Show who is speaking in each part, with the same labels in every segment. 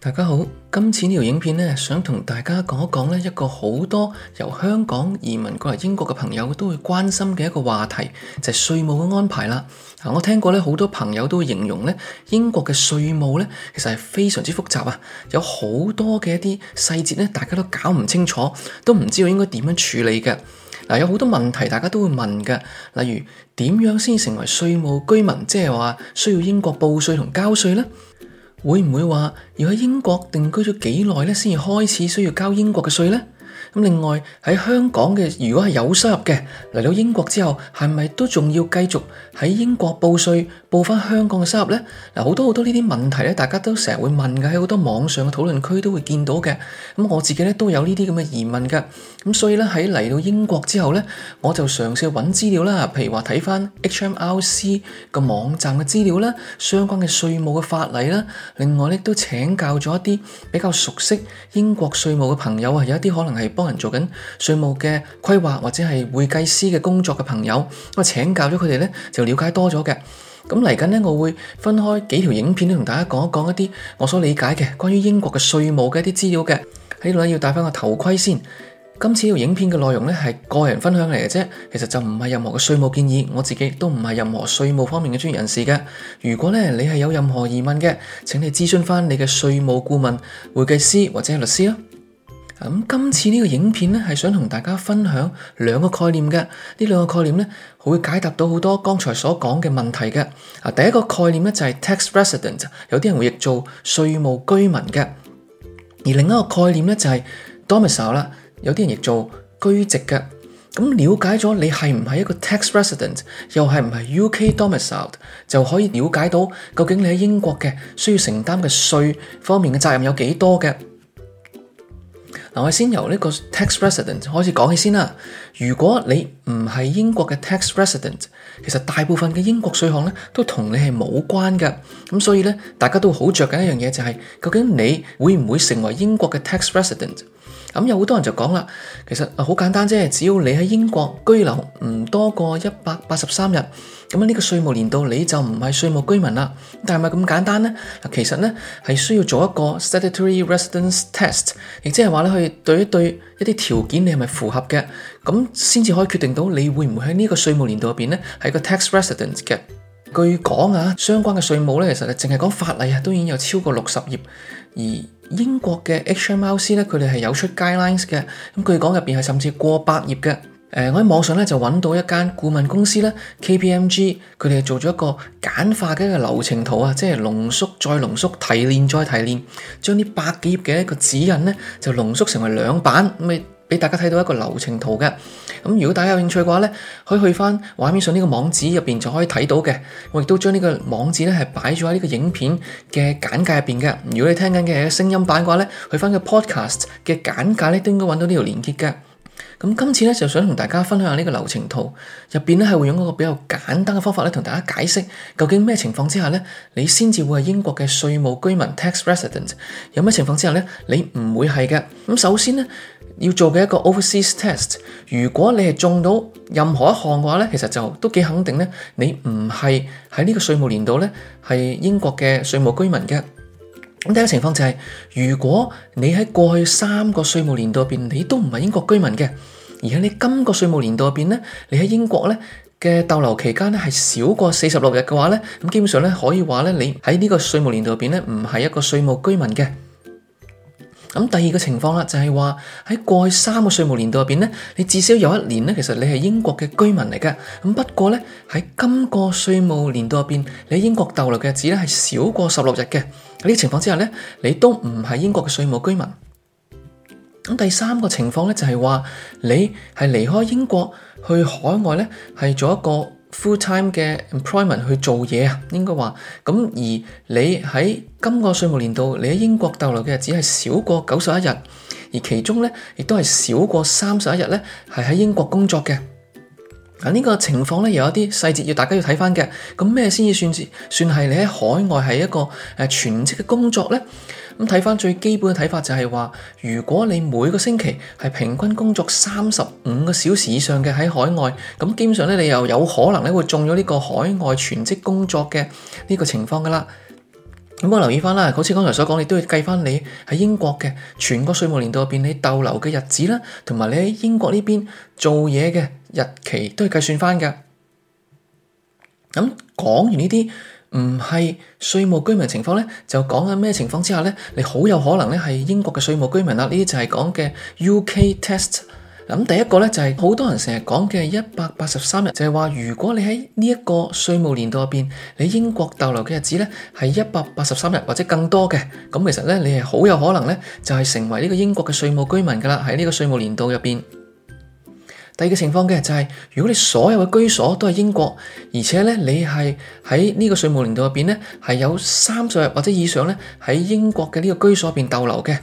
Speaker 1: 大家好，今次呢條影片呢，想同大家講一講呢一個好多由香港移民過嚟英國嘅朋友都會關心嘅一個話題，就係稅務嘅安排啦。嗱，我聽過呢好多朋友都會形容呢英國嘅稅務呢，其實係非常之複雜啊，有好多嘅一啲細節呢，大家都搞唔清楚，都唔知道應該點樣處理嘅。嗱，有好多問題，大家都會問嘅，例如點樣先成為稅務居民，即係話需要英國報稅同交稅呢？會唔會話要喺英國定居咗幾耐咧，先至開始需要交英國嘅稅咧？咁另外喺香港嘅，如果係有收入嘅，嚟到英國之後係咪都仲要繼續喺英國報稅，報翻香港嘅收入咧？嗱，好多好多呢啲問題咧，大家都成日會問嘅，喺好多網上嘅討論區都會見到嘅。咁我自己咧都有呢啲咁嘅疑問嘅。咁所以咧喺嚟到英國之後咧，我就嘗試去揾資料啦，譬如話睇翻 HMRC 個網站嘅資料啦，相關嘅稅務嘅法例啦。另外咧都請教咗一啲比較熟悉英國稅務嘅朋友啊，有一啲可能係幫。做緊稅務嘅規劃或者係會計師嘅工作嘅朋友，我請教咗佢哋呢，就了解多咗嘅。咁嚟緊呢，我會分開幾條影片，都同大家講一講一啲我所理解嘅關於英國嘅稅務嘅一啲資料嘅。喺度呢，要戴翻個頭盔先。今次條影片嘅內容呢，係個人分享嚟嘅啫，其實就唔係任何嘅稅務建議。我自己都唔係任何稅務方面嘅專業人士嘅。如果呢，你係有任何疑問嘅，請你諮詢翻你嘅稅務顧問、會計師或者律師啦。今次呢個影片咧，係想同大家分享兩個概念嘅，呢兩個概念咧會解答到好多剛才所講嘅問題嘅。啊，第一個概念咧就係 tax resident，有啲人譯做稅務居民嘅；而另一個概念咧就係 domicile 啦，有啲人譯做居籍嘅。咁瞭解咗你係唔係一個 tax resident，又係唔係 UK domicile，就可以了解到究竟你喺英國嘅需要承擔嘅稅方面嘅責任有幾多嘅。我先由呢個 tax resident 開始講起先啦。如果你唔係英國嘅 tax resident，其實大部分嘅英國稅項咧都同你係冇關嘅。咁所以咧，大家都好着緊一樣嘢，就係，就係究竟你會唔會成為英國嘅 tax resident？咁有好多人就講啦，其實好簡單啫，只要你喺英國居留唔多過一百八十三日，咁呢個稅務年度你就唔係稅務居民啦。但係咪咁簡單呢？嗱，其實呢係需要做一個 statutory residence test，亦即係話咧去對一對一啲條件你係咪符合嘅，咁先至可以決定到你會唔會喺呢個稅務年度入邊呢係個 tax resident 嘅。據講啊，相關嘅稅務咧，其實咧淨係講法例啊，都已經有超過六十頁而。英國嘅 HMRC 咧，佢哋係有出 guidelines 嘅，咁據講入邊係甚至過百頁嘅，呃。我喺網上咧就揾到一間顧問公司咧，KPMG，佢哋做咗一個簡化嘅一個流程圖啊，即係濃縮再濃縮，提煉再提煉，將啲百幾頁嘅一個指引呢，就濃縮成為兩版俾大家睇到一個流程圖嘅。咁如果大家有興趣嘅話呢，可以去翻畫面上呢個網址入邊就可以睇到嘅。我亦都將呢個網址呢係擺咗喺呢個影片嘅簡介入邊嘅。如果你聽緊嘅係嘅聲音版嘅話呢，去翻個 podcast 嘅簡介呢都應該揾到呢條連結嘅。咁今次呢，就想同大家分享下呢個流程圖，入邊呢係會用一個比較簡單嘅方法呢同大家解釋究竟咩情況之下呢，你先至會係英國嘅稅務居民 tax resident，有咩情況之下呢，你唔會係嘅。咁首先呢。要做嘅一個 overseas test，如果你係中到任何一項嘅話呢，其實就都幾肯定呢，你唔係喺呢個稅務年度呢係英國嘅稅務居民嘅。咁第一個情況就係、是，如果你喺過去三個稅務年度入面，你都唔係英國居民嘅，而喺你今個稅務年度入面，呢你喺英國咧嘅逗留期間咧係少過四十六日嘅話呢，基本上咧可以話咧，你喺呢個稅務年度入面，咧唔係一個稅務居民嘅。咁第二個情況啦，就係話喺過去三個稅務年度入邊咧，你至少有一年咧，其實你係英國嘅居民嚟嘅。咁不過咧，喺今個稅務年度入邊，你喺英國逗留嘅日子咧係少過十六日嘅。喺呢個情況之下咧，你都唔係英國嘅稅務居民。咁第三個情況咧，就係話你係離開英國去海外咧，係做一個 full time 嘅 employment 去做嘢啊，應該話咁，而你喺今個稅務年度你喺英國逗留嘅日子係少過九十一日，而其中咧亦都係少過三十一日咧係喺英國工作嘅。啊，呢個情況咧有一啲細節要大家要睇翻嘅，咁咩先至算至算係你喺海外係一個誒全職嘅工作咧？咁睇翻最基本嘅睇法就係話，如果你每個星期係平均工作三十五個小時以上嘅喺海外，咁基本上咧你又有可能咧會中咗呢個海外全職工作嘅呢個情況噶啦。咁我留意翻啦，好似剛才所講，你都要計翻你喺英國嘅全個稅務年度入邊你逗留嘅日子啦，同埋你喺英國呢邊做嘢嘅日期都要計算翻嘅。咁講完呢啲。唔係稅務居民情況呢，就講緊咩情況之下呢？你好有可能呢係英國嘅稅務居民啦。呢啲就係講嘅 UK test 咁、嗯、第一個呢，就係、是、好多人成日講嘅一百八十三日，就係、是、話如果你喺呢一個稅務年度入邊，你英國逗留嘅日子呢係一百八十三日或者更多嘅，咁、嗯、其實呢，你係好有可能呢，就係、是、成為呢個英國嘅稅務居民噶啦喺呢個稅務年度入邊。第二個情況嘅就係、是，如果你所有嘅居所都係英國，而且咧你係喺呢個稅務年度入邊咧係有三十日或者以上咧喺英國嘅呢個居所入邊逗留嘅，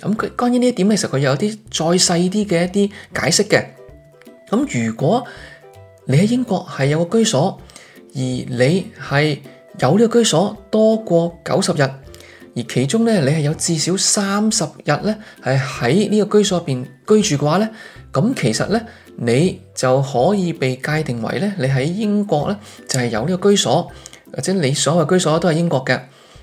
Speaker 1: 咁關於呢一點咧，其實佢有啲再細啲嘅一啲解釋嘅。咁、嗯、如果你喺英國係有個居所，而你係有呢個居所多過九十日，而其中咧你係有至少三十日咧係喺呢個居所入邊居住嘅話咧，咁、嗯、其實咧。你就可以被界定為咧，你喺英國咧就係有呢個居所，或者你所有嘅居所都係英國嘅，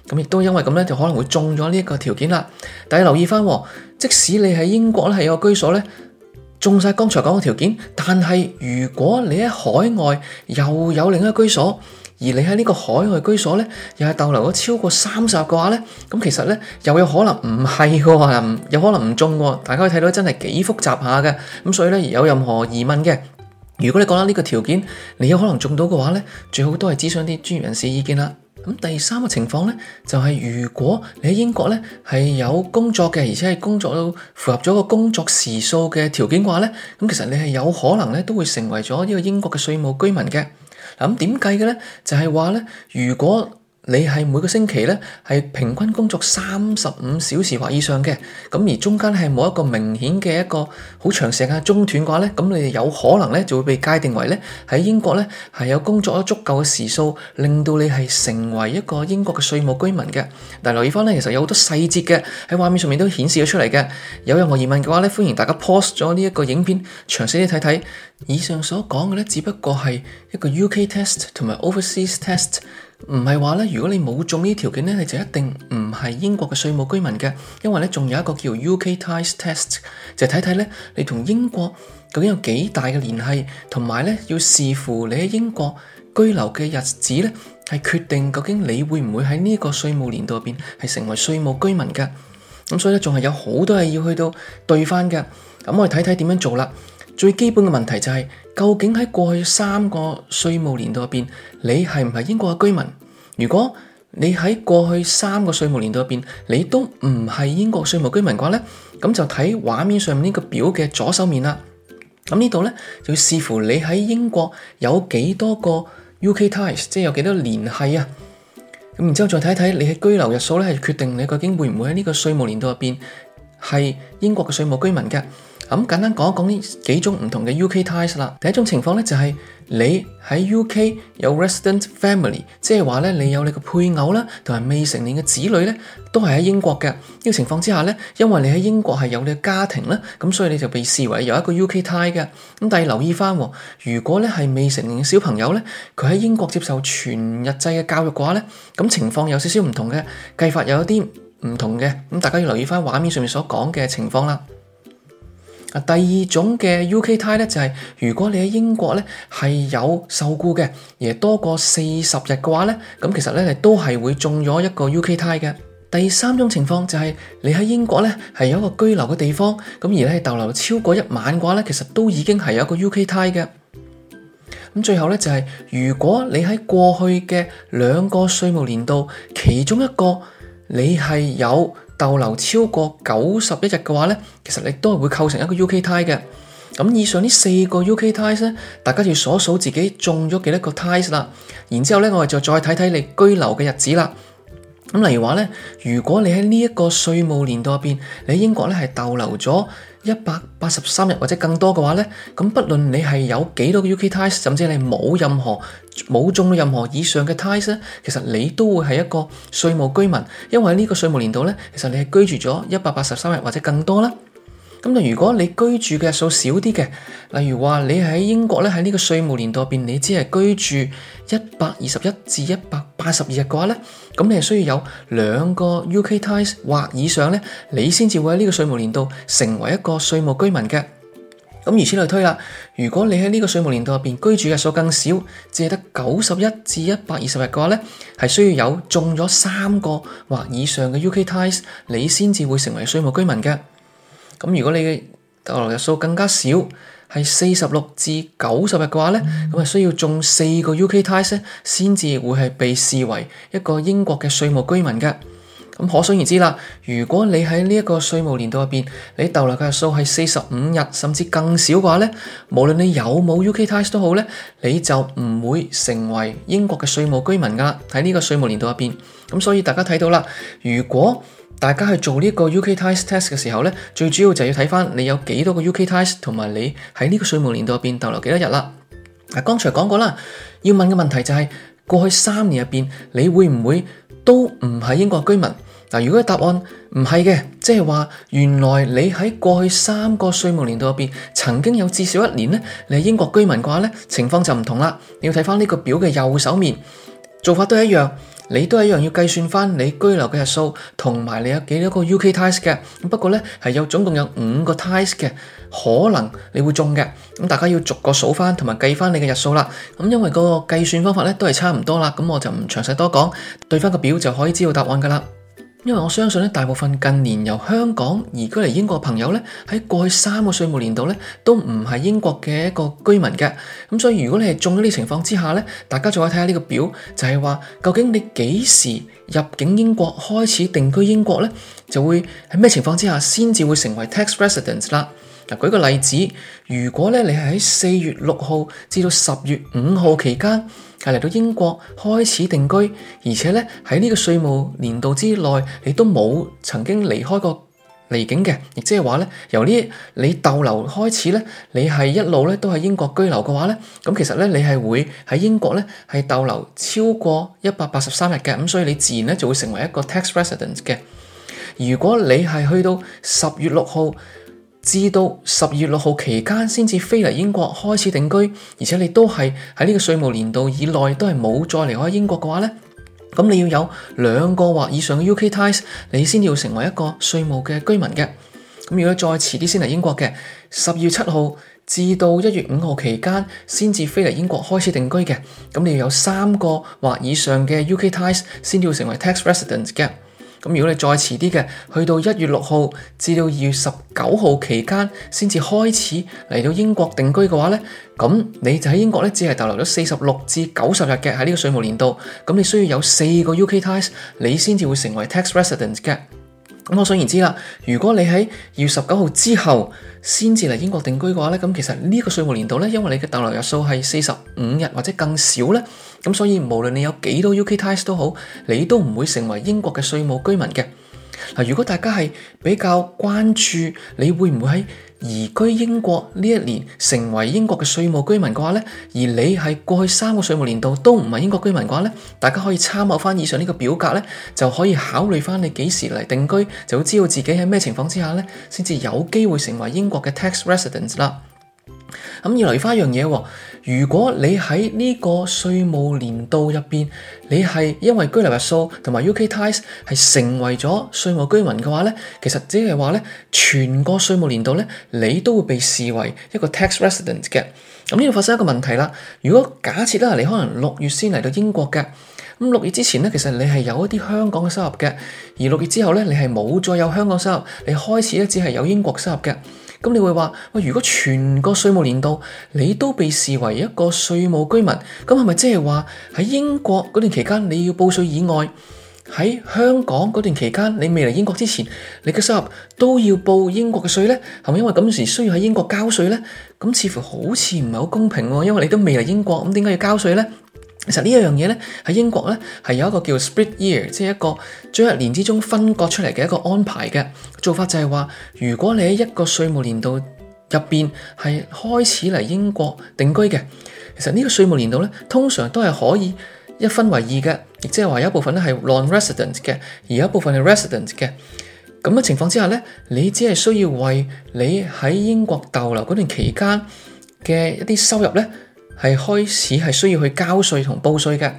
Speaker 1: 咁亦都因為咁咧就可能會中咗呢一個條件啦。大家留意翻喎，即使你喺英國咧係有個居所咧，中晒剛才講嘅條件，但係如果你喺海外又有另一個居所。而你喺呢個海外居所咧，又係逗留咗超過三十日嘅話咧，咁其實呢，又有可能唔係喎，有可能唔中喎。大家可以睇到真係幾複雜下嘅。咁所以呢，有任何疑問嘅，如果你覺得呢個條件你有可能中到嘅話呢，最好都係諮詢啲專業人士意見啦。咁第三個情況呢，就係、是、如果你喺英國呢，係有工作嘅，而且係工作到符合咗個工作時數嘅條件嘅話咧，咁其實你係有可能都會成為咗呢個英國嘅稅務居民嘅。咁點計嘅呢？就係話呢，如果，你係每個星期咧，係平均工作三十五小時或以上嘅，咁而中間係冇一個明顯嘅一個好長時間中斷嘅話咧，咁你哋有可能咧就會被界定為咧喺英國咧係有工作咗足夠嘅時數，令到你係成為一個英國嘅稅務居民嘅。但係留意翻咧，其實有好多細節嘅喺畫面上面都顯示咗出嚟嘅。有任何疑問嘅話咧，歡迎大家 pause 咗呢一個影片，詳細啲睇睇。以上所講嘅咧，只不過係一個 UK test 同埋 overseas test。唔係話咧，如果你冇中呢條件咧，你就一定唔係英國嘅稅務居民嘅，因為咧仲有一個叫 UK Ties Test，就睇睇咧你同英國究竟有幾大嘅聯繫，同埋咧要視乎你喺英國居留嘅日子咧，係決定究竟你會唔會喺呢個稅務年度入邊係成為稅務居民嘅。咁所以咧仲係有好多嘢要去到對翻嘅，咁我哋睇睇點樣做啦。最基本嘅問題就係，究竟喺過去三個稅務年度入邊，你係唔係英國嘅居民？如果你喺過去三個稅務年度入邊，你都唔係英國稅務居民嘅話咧，咁就睇畫面上呢個表嘅左手面啦。咁呢度咧，就要視乎你喺英國有幾多個 UK ties，即係有幾多聯繫啊。咁然之後再睇睇你嘅居留日數咧，係決定你究竟會唔會喺呢個稅務年度入邊係英國嘅稅務居民嘅。咁簡單講一講呢幾種唔同嘅 UK ties 啦。第一種情況呢，就係你喺 UK 有 resident family，即係話呢，你有你個配偶啦同埋未成年嘅子女呢，都係喺英國嘅呢個情況之下呢，因為你喺英國係有你嘅家庭啦，咁所以你就被視為有一個 UK tie 嘅。咁但係留意翻，如果呢係未成年嘅小朋友呢，佢喺英國接受全日制嘅教育嘅話呢，咁情況有少少唔同嘅，計法又有啲唔同嘅。咁大家要留意翻畫面上面所講嘅情況啦。第二種嘅 UK tie 呢就係如果你喺英國呢係有受雇嘅，而多過四十日嘅話呢，咁其實呢都係會中咗一個 UK tie 嘅。第三種情況就係你喺英國呢係有一個居留嘅地方，咁而呢逗留超過一晚嘅話呢，其實都已經係有一個 UK tie 嘅。咁最後呢，就係如果你喺過去嘅兩個稅務年度其中一個你係有。逗留超過九十一日嘅話咧，其實你都係會構成一個 UK tie 嘅。咁以上呢四個 UK ties 咧，大家就要數數自己中咗幾多個 ties 啦。然之後咧，我哋就再睇睇你居留嘅日子啦。咁例如話咧，如果你喺呢一個稅務年度入邊你喺英國咧係逗留咗。一百八十三日或者更多嘅話呢，咁不論你係有幾多嘅 UK ties，甚至你冇任何冇中到任何以上嘅 ties，其實你都會係一個稅務居民，因為喺呢個稅務年度呢，其實你係居住咗一百八十三日或者更多啦。咁但如果你居住嘅日數少啲嘅，例如話你喺英國咧，喺呢個稅務年度入邊，你只係居住一百二十一至一百八十二日嘅話咧，咁你係需要有兩個 UK ties 或以上咧，你先至會喺呢個稅務年度成為一個稅務居民嘅。咁以此類推啦，如果你喺呢個稅務年度入邊居住嘅日數更少，只係得九十一至一百二十日嘅話咧，係需要有中咗三個或以上嘅 UK ties，你先至會成為稅務居民嘅。咁如果你嘅逗留日數更加少，係四十六至九十日嘅話咧，咁啊、嗯、需要中四個 UK ties 咧，先至會係被視為一個英國嘅稅務居民嘅。咁可想而知啦，如果你喺呢一個稅務年度入邊，你逗留嘅日數係四十五日甚至更少嘅話咧，無論你有冇 UK ties 都好咧，你就唔會成為英國嘅稅務居民噶喺呢個稅務年度入邊。咁所以大家睇到啦，如果大家去做呢個 UK ties test 嘅時候呢，最主要就要睇翻你有幾多個 UK ties，同埋你喺呢個稅務年度入面逗留幾多日啦。嗱，剛才講過啦，要問嘅問題就係過去三年入面，你會唔會都唔係英國居民？如果答案唔係嘅，即係話原來你喺過去三個稅務年度入面曾經有至少一年呢，你係英國居民嘅話呢，情況就唔同啦。你要睇翻呢個表嘅右手面，做法都一樣。你都一樣要計算翻你居留嘅日數，同埋你有幾多個 UK ties 嘅。不過呢，係有總共有五個 ties 嘅，可能你會中嘅。大家要逐個數翻，同埋計翻你嘅日數啦。咁因為個計算方法都係差唔多啦，咁我就唔詳細多講，對翻個表就可以知道答案㗎啦。因為我相信大部分近年由香港移居嚟英國嘅朋友咧，喺過去三個稅務年度都唔係英國嘅一個居民嘅。咁所以如果你係中咗呢情況之下，大家再睇下呢個表，就係話究竟你幾時入境英國開始定居英國呢，就會喺咩情況之下先至會成為 tax resident 啦。嗱，舉個例子，如果咧你係喺四月六號至到十月五號期間係嚟到英國開始定居，而且咧喺呢個稅務年度之內你都冇曾經離開過離境嘅，亦即係話咧由呢你逗留開始咧，你係一路咧都喺英國居留嘅話咧，咁其實咧你係會喺英國咧係逗留超過一百八十三日嘅，咁所以你自然咧就會成為一個 tax resident 嘅。如果你係去到十月六號至到十二月六號期間先至飛嚟英國開始定居，而且你都係喺呢個稅務年度以內都係冇再離開英國嘅話咧，咁你要有兩個或以上嘅 UK ties，你先要成為一個稅務嘅居民嘅。咁如果再遲啲先嚟英國嘅，十二月七號至到一月五號期間先至飛嚟英國開始定居嘅，咁你要有三個或以上嘅 UK ties 先要成為 tax resident 嘅。咁如果你再遲啲嘅，去到一月六號至到二月十九號期間，先至開始嚟到英國定居嘅話咧，咁你就喺英國咧只係逗留咗四十六至九十日嘅喺呢個稅務年度，咁你需要有四個 UK ties，m 你先至會成為 tax resident 嘅。咁可想而知啦，如果你喺二月十九號之後先至嚟英國定居嘅話咧，咁其實呢個稅務年度咧，因為你嘅逗留日數係四十五日或者更少咧。咁所以，無論你有幾多 UK ties 都好，你都唔會成為英國嘅稅務居民嘅。嗱，如果大家係比較關注你會唔會喺移居英國呢一年成為英國嘅稅務居民嘅話咧，而你係過去三個稅務年度都唔係英國居民嘅話咧，大家可以參考翻以上呢個表格咧，就可以考慮翻你幾時嚟定居，就會知道自己喺咩情況之下咧，先至有機會成為英國嘅 tax resident 啦。咁二嚟翻一樣嘢，如果你喺呢個稅務年度入邊，你係因為居留日數同埋 UK ties 係成為咗稅務居民嘅話咧，其實即係話咧，全個稅務年度咧，你都會被視為一個 tax resident 嘅。咁呢度發生一個問題啦，如果假設啦，你可能六月先嚟到英國嘅，咁六月之前咧，其實你係有一啲香港嘅收入嘅，而六月之後咧，你係冇再有香港收入，你開始咧只係有英國收入嘅。咁你會話喂，如果全個稅務年度你都被視為一個稅務居民，咁係咪即係話喺英國嗰段期間你要報稅以外，喺香港嗰段期間你未嚟英國之前，你嘅收入都要報英國嘅稅咧？係咪因為咁時需要喺英國交稅咧？咁似乎好似唔係好公平喎、啊，因為你都未嚟英國，咁點解要交稅咧？其實呢一樣嘢呢，喺英國呢，係有一個叫 Split Year，即係一個將一年之中分割出嚟嘅一個安排嘅做法就，就係話如果你喺一個稅務年度入邊係開始嚟英國定居嘅，其實呢個稅務年度呢，通常都係可以一分為二嘅，亦即係話有一部分咧係 Non Resident 嘅，而有一部分係 Resident 嘅。咁嘅情況之下呢，你只係需要為你喺英國逗留嗰段期間嘅一啲收入呢。係開始係需要去交稅同報稅嘅。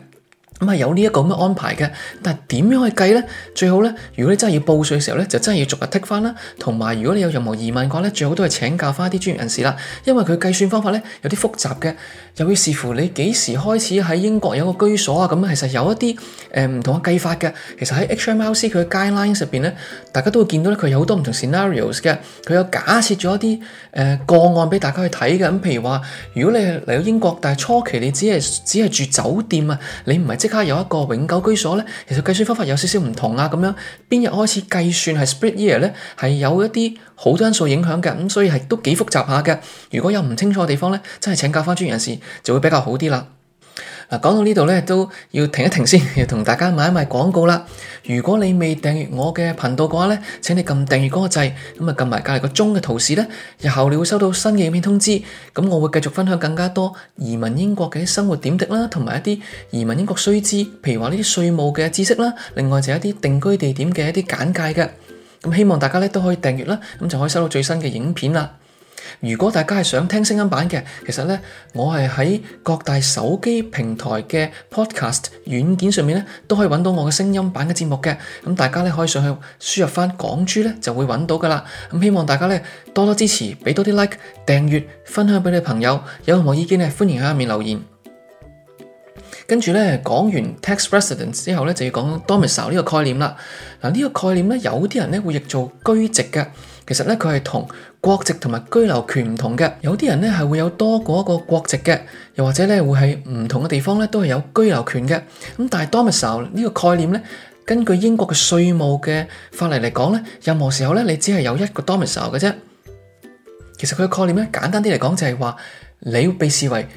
Speaker 1: 咁係有呢一個咁嘅安排嘅，但係點樣去計呢？最好呢，如果你真係要報稅嘅時候呢，就真係要逐日剔翻啦。同埋，如果你有任何疑問嘅話呢，最好都係請教翻啲專業人士啦。因為佢計算方法呢有啲複雜嘅，又要視乎你幾時開始喺英國有個居所啊。咁其實有一啲誒唔同嘅計法嘅。其實喺 HMRC 佢嘅 guidelines 入邊呢，大家都會見到咧，佢有好多唔同 scenarios 嘅，佢有假設咗一啲誒、呃、個案俾大家去睇嘅。咁譬如話，如果你嚟到英國，但係初期你只係只係住酒店啊，你唔係即卡有一個永久居所咧，其實計算方法有少少唔同啊，咁樣邊日開始計算係 split year 咧，係有一啲好多因素影響嘅，咁所以係都幾複雜下嘅。如果有唔清楚嘅地方咧，真係請教返專業人士就會比較好啲啦。嗱，講到呢度咧，都要停一停先，要同大家賣一賣廣告啦。如果你未訂閱我嘅頻道嘅話咧，請你撳訂閱嗰個掣，咁啊撳埋隔籬個鐘嘅圖示咧，日後你會收到新嘅影片通知。咁我會繼續分享更加多移民英國嘅生活點滴啦，同埋一啲移民英國須知，譬如話呢啲稅務嘅知識啦，另外就一啲定居地點嘅一啲簡介嘅。咁希望大家咧都可以訂閱啦，咁就可以收到最新嘅影片啦。如果大家係想聽聲音版嘅，其實呢，我係喺各大手機平台嘅 Podcast 軟件上面咧，都可以揾到我嘅聲音版嘅節目嘅。咁大家呢，可以上去輸入翻港珠呢，就會揾到噶啦。咁希望大家呢，多多支持，俾多啲 like、訂閱、分享俾你朋友。有任何意見呢，歡迎喺下面留言。跟住呢，講完 tax resident 之後呢，就要講 domicile 呢個概念啦。嗱、這、呢個概念呢，有啲人呢會譯做居籍嘅。其實咧，佢係同國籍同埋居留權唔同嘅。有啲人咧係會有多過一個國籍嘅，又或者咧會喺唔同嘅地方咧都係有居留權嘅。咁但係 domicile 呢個概念咧，根據英國嘅稅務嘅法例嚟講咧，任何時候咧你只係有一個 domicile 嘅啫。其實佢嘅概念咧簡單啲嚟講就係話，你會被視為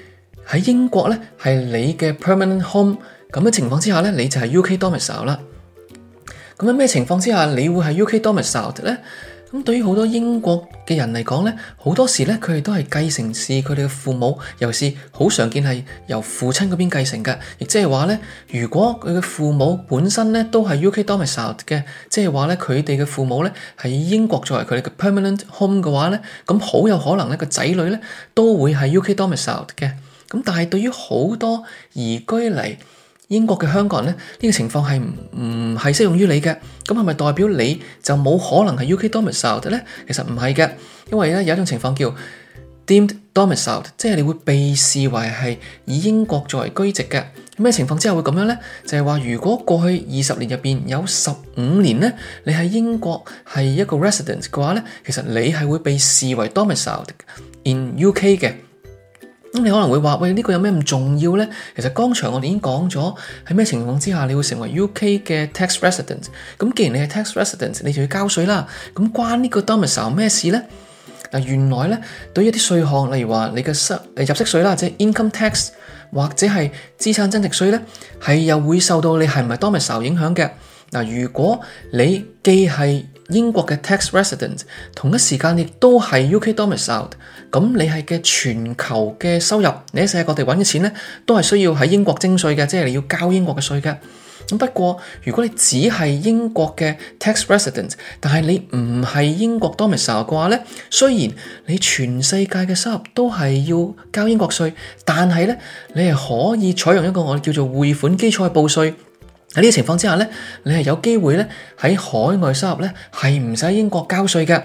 Speaker 1: 喺英國咧係你嘅 permanent home 咁嘅情況之下咧，你就係 UK domicile 啦。咁喺咩情況之下你會係 UK domicile 咧？咁對於好多英國嘅人嚟講，呢好多時呢，佢哋都係繼承是佢哋嘅父母，尤其是好常見係由父親嗰邊繼承嘅。亦即係話呢，如果佢嘅父母本身呢都係 UK domicile 嘅，即係話呢，佢哋嘅父母呢係英國作為佢哋嘅 permanent home 嘅話呢，咁好有可能呢個仔女呢都會係 UK domicile 嘅。咁但係對於好多移居嚟，英國嘅香港人呢，呢個情況係唔係適用於你嘅？咁係咪代表你就冇可能係 UK domiciled 咧？其實唔係嘅，因為咧有一種情況叫 deemed domiciled，即係你會被視為係以英國作為居籍嘅。咩情況之下會咁樣咧？就係話如果過去二十年入邊有十五年咧，你喺英國係一個 residence 嘅話咧，其實你係會被視為 domiciled in UK 嘅。咁你可能會話：喂，呢個有咩咁重要呢？其實剛才我哋已經講咗喺咩情況之下，你會成為 UK 嘅 tax resident。咁既然你係 tax resident，你就要交稅啦。咁關呢個 domicile 有咩事呢？嗱，原來咧對於一啲稅項，例如話你嘅入息稅啦，或者 income tax，或者係資產增值稅呢，係又會受到你係唔係 domicile 影響嘅嗱。如果你既係英國嘅 tax resident 同一時間亦都係 UK domicile，咁你係嘅全球嘅收入，你喺世界各地揾嘅錢咧，都係需要喺英國徵稅嘅，即係你要交英國嘅稅嘅。咁不過如果你只係英國嘅 tax resident，但係你唔係英國 domicile 嘅話咧，雖然你全世界嘅收入都係要交英國稅，但係咧，你係可以採用一個我哋叫做匯款基礎嘅報稅。喺呢啲情況之下呢，你係有機會咧，喺海外收入呢，係唔使英國交稅嘅。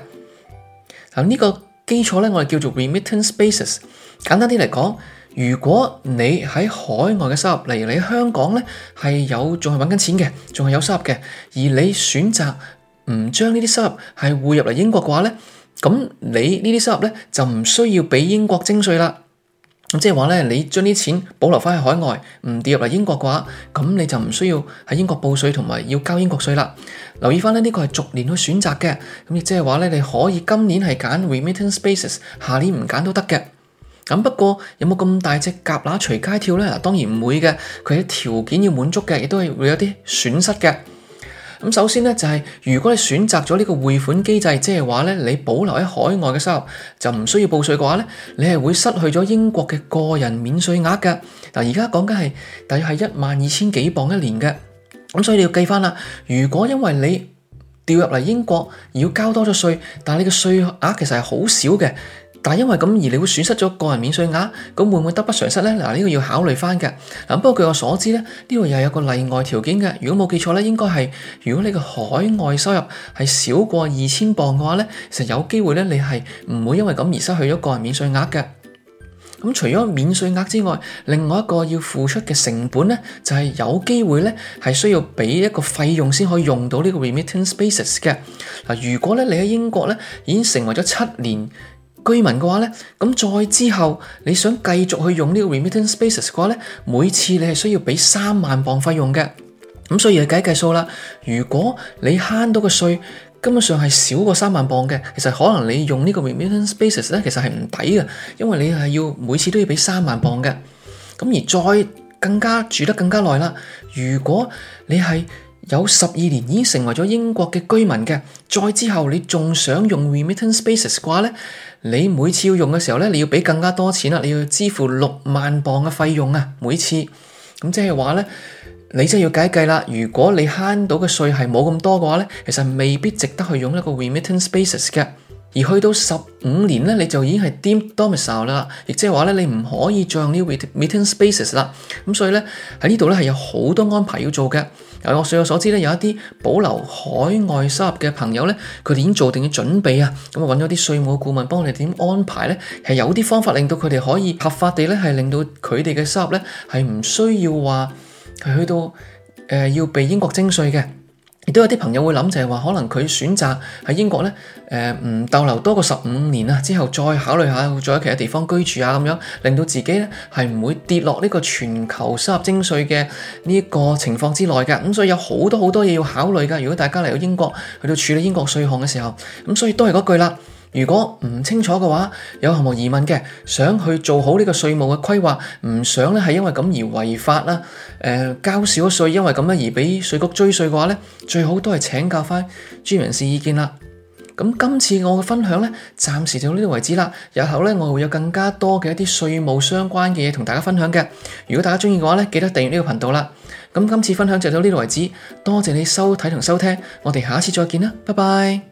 Speaker 1: 嗱、這、呢個基礎呢，我哋叫做 Remittance Basis。簡單啲嚟講，如果你喺海外嘅收入，例如你喺香港呢，係有仲係揾緊錢嘅，仲係有收入嘅，而你選擇唔將呢啲收入係匯入嚟英國嘅話咧，咁你呢啲收入呢，就唔需要俾英國徵稅啦。即係話咧，你將啲錢保留翻喺海外，唔跌入嚟英國嘅話，咁你就唔需要喺英國報稅同埋要交英國稅啦。留意翻咧，呢、呢個係逐年去選擇嘅，咁亦即係話咧，你可以今年係揀 remittance basis，下年唔揀都得嘅。咁不過有冇咁大隻蛤乸隨街跳咧？嗱，當然唔會嘅，佢啲條件要滿足嘅，亦都係會有啲損失嘅。咁首先呢，就係，如果你選擇咗呢個匯款機制，即係話呢，你保留喺海外嘅收入就唔需要報稅嘅話，呢，你係會失去咗英國嘅個人免稅額嘅。而家講緊係，大約係一萬二千幾磅一年嘅。咁所以你要計返啦，如果因為你掉入嚟英國而要交多咗稅，但係你嘅稅額其實係好少嘅。但係因為咁而你會損失咗個人免稅額，咁會唔會得不償失呢？嗱，呢個要考慮翻嘅。嗱，不過據我所知咧，呢度又有一個例外條件嘅。如果冇記錯咧，應該係如果你嘅海外收入係少過二千鎊嘅話咧，其實有機會咧你係唔會因為咁而失去咗個人免稅額嘅。咁除咗免稅額之外，另外一個要付出嘅成本咧，就係有機會咧係需要俾一個費用先可以用到呢個 remittance basis 嘅。嗱，如果咧你喺英國咧已經成為咗七年。居民嘅話呢，咁再之後你想繼續去用呢個 remittance spaces 嘅話呢，每次你係需要俾三萬磅費用嘅，咁所以你計計數啦。如果你慳到個稅，根本上係少過三萬磅嘅，其實可能你用呢個 remittance spaces 呢，其實係唔抵嘅，因為你係要每次都要俾三萬磅嘅。咁而再更加住得更加耐啦，如果你係。有十二年已經成為咗英國嘅居民嘅，再之後你仲想用 remittance basis 嘅話咧，你每次要用嘅時候咧，你要俾更加多錢啦，你要支付六萬磅嘅費用啊，每次。咁即係話咧，你真係要計計啦。如果你慳到嘅稅係冇咁多嘅話咧，其實未必值得去用一個 remittance basis 嘅。而去到十五年咧，你就已經係 deemed domicile 啦，亦即係話咧，你唔可以再用呢個 remittance basis 啦。咁所以咧，喺呢度咧，係有好多安排要做嘅。由我有我，據我所知，有一啲保留海外收入嘅朋友呢，佢哋已經做定咗準備啊！咁啊，揾咗啲稅務顧問幫我哋點安排咧，係有啲方法令到佢哋可以合法地咧，係令到佢哋嘅收入呢，係唔需要話去到，呃、要被英國徵稅嘅。亦都有啲朋友會諗就係話，可能佢選擇喺英國呢誒唔、呃、逗留多過十五年啊，之後再考慮下，再喺其他地方居住啊，咁樣令到自己呢係唔會跌落呢個全球收入徵稅嘅呢一個情況之內㗎。咁、嗯、所以有好多好多嘢要考慮㗎。如果大家嚟到英國去到處理英國稅項嘅時候，咁、嗯、所以都係嗰句啦。如果唔清楚嘅話，有任何疑問嘅，想去做好呢個稅務嘅規劃，唔想咧係因為咁而違法啦，誒、呃、交少咗稅，因為咁咧而俾稅局追稅嘅話呢，最好都係請教返專業人士意見啦。咁今次我嘅分享呢，暫時就到呢度為止啦。日後呢，我會有更加多嘅一啲稅務相關嘅嘢同大家分享嘅。如果大家中意嘅話呢，記得訂閱呢個頻道啦。咁今次分享就到呢度為止，多謝你收睇同收聽，我哋下次再見啦，拜拜。